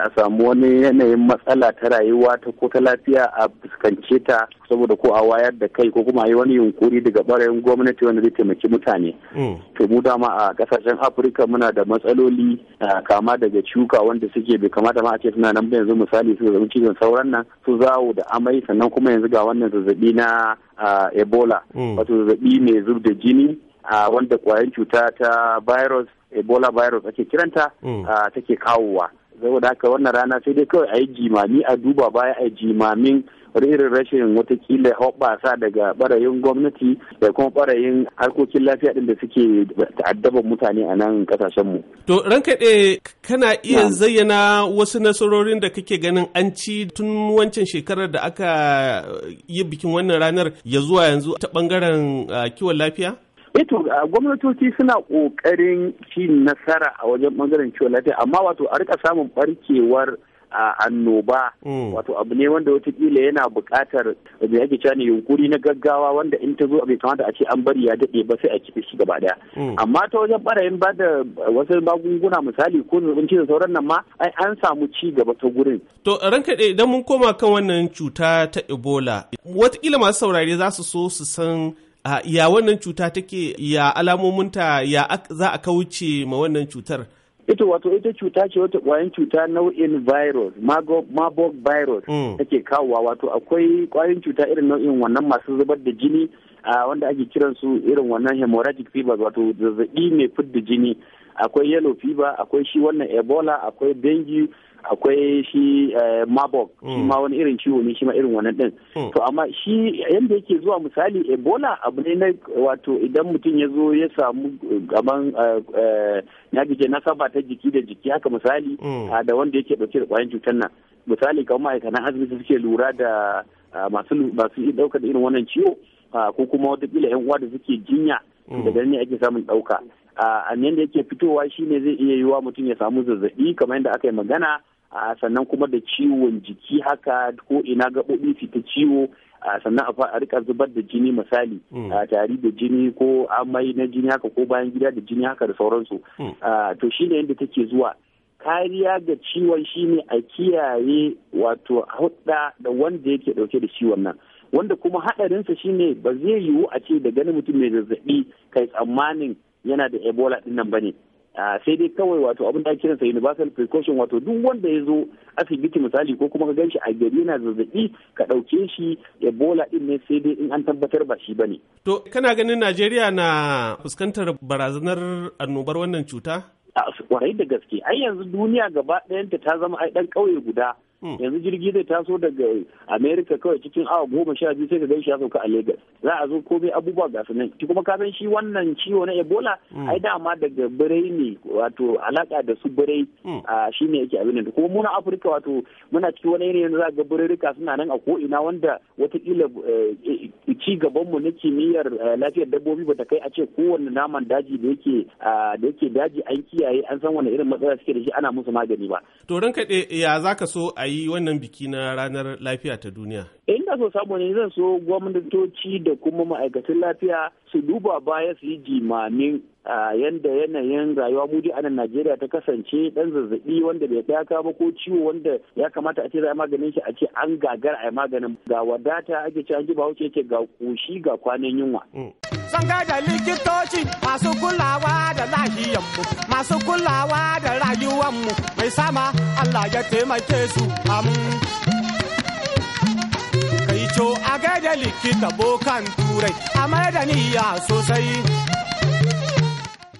a samu wani yanayin matsala ta rayuwa ta ko ta lafiya a fuskance ta saboda ko a wayar da kai ko kuma a yi wani yunkuri daga ɓarayin gwamnati wanda zai taimaki mutane. Mm. To mu dama a kasashen Afirka muna da matsaloli kama daga cuka wanda suke bai kamata ma a ce suna nan yanzu misali su zama cizon sauran nan su zawo da amai sannan kuma yanzu ga wannan zazzabi na Ebola. Mm. Wato zazzabi mai zub da jini wanda kwayan cuta ta virus Ebola virus ake kiranta mm. take kawowa. saboda haka wannan rana sai dai kawai a yi jimami a duba baya a jimamin irin rashin watakila hoɓasa daga barayin gwamnati da kuma barayin harkokin lafiya ɗin da suke ta'addaban mutane a nan ƙasashenmu. To ran kaɗe kana iya zayyana wasu nasarorin da kake ganin an ci tun wancan shekarar da aka yi bikin wannan ranar ya zuwa yanzu ta ɓangaren ah, kiwon lafiya? Eto eh gwamnatoci suna ƙoƙarin ci nasara a wajen ɓangaren kiwon lafiya amma wato a rika samun ɓarkewar annoba mm. wato abu ne wanda watakila yana buƙatar da yake cewa ne yunkuri na gaggawa wanda in ta zo bai kamata a ce an bari ya daɗe ba sai a kife shi gaba daya mm. amma ta wajen ɓarayin ba da wasu magunguna misali ko zazzabin cizon sauran nan ma ai an samu ci gaba ta gurin. to ranka ɗaya idan mun koma kan wannan cuta ta ebola watakila masu saurare za su so su san a ya wannan cuta take ya alamominta ya za a kauce ma wannan cutar ita wato ita cuta ce wata kwayan cuta nau'in virus marburg virus mm. take kawowa wato akwai kwayan cuta irin nau'in wannan masu zubar da jini a wanda ake kiran su irin wannan hemorrhagic fever wato zazzabi mai fidda jini akwai yellow fever akwai shi wannan ebola akwai dengue akwai shi eh, marburg shi mm. ma wani irin ciwo ne shi ma irin wannan din mm. to amma shi yadda yake zuwa misali ebola abu ne na wato idan mutum ya zo ya samu eh, gaban na eh, gije nasaba ta jiki da jiki haka misali mm. ah, da wanda yake dauke da kwayan cutar nan misali kamar ma'aikatan asibiti suke lura da ah, masu masu da irin wannan ciwo ah, ko kuma wata yan uwa da suke jinya daga ne ake samun ɗauka. nan da yake fitowa shine zai iya yiwa mutum ya samu zazzabi kamar yadda aka yi magana a sannan kuma da ciwon jiki haka ko ina gaɓoɓi fita ta ciwo sannan a rika zubar da jini misali mm. a tari da jini ko amai na jini haka ko bayan gida da jini haka da sauransu mm. to shine yadda take zuwa kariya ga ciwon shine a kiyaye wato hudda da wanda yake dauke da ciwon nan wanda kuma haɗarinsa shine ba zai yiwu a ce da gani mutum mai zazzabi kai tsammanin yana da ebola din nan bane ah, sai dai kawai wato abin da kiransa universal precaution wato duk wanda ya zo asibiti misali ko kuma ka ganshi a gari yana zazzabi ka ɗauke shi ebola din ne sai dai in an tabbatar ba shi bane to kana ganin najeriya na fuskantar barazanar annobar wannan cuta a ah, kwarai da gaske ai yanzu duniya gaba ɗayanta ta zama ai ɗan ƙauye guda Hmm. yanzu jirgi zai taso daga america kawai cikin awa goma sha biyu sai ka gan shi ya sauka a lagos za a zo komai abubuwa ga su nan kuma ka san shi wannan ciwo na ebola hmm. ai dama daga birai ne wato alaka da su birai hmm. a shi ne yake abin da kuma muna afirka wato muna cikin wani yanayi za ga birarrika suna nan a ko ina wanda watakila eh, ci gabanmu na kimiyyar eh, lafiyar dabbobi ba ta kai a ce kowanne naman daji da yake da yake daji an kiyaye an san wani irin matsala suke da shi ana musu magani ba to ranka ya zaka so a yi wannan biki na ranar lafiya ta duniya? Eh, Inda so samu ne zan so gwamnatoci da kuma ma'aikatan lafiya su duba baya su yi jimamin yadda yanayin rayuwa mu a nan Najeriya ta kasance dan zazzabi wanda bai kai ka ba ko ciwo wanda ya kamata a ce za maganin shi a ce an gagar a maganin ga wadata ake ce an ji yake ga koshi ga kwanan yunwa. Mm. Zan ga da likitoci masu kulawa da lahiyanmu masu ya taimake su Kai cho aga gaida likita bokan turai, amma da niya sosai.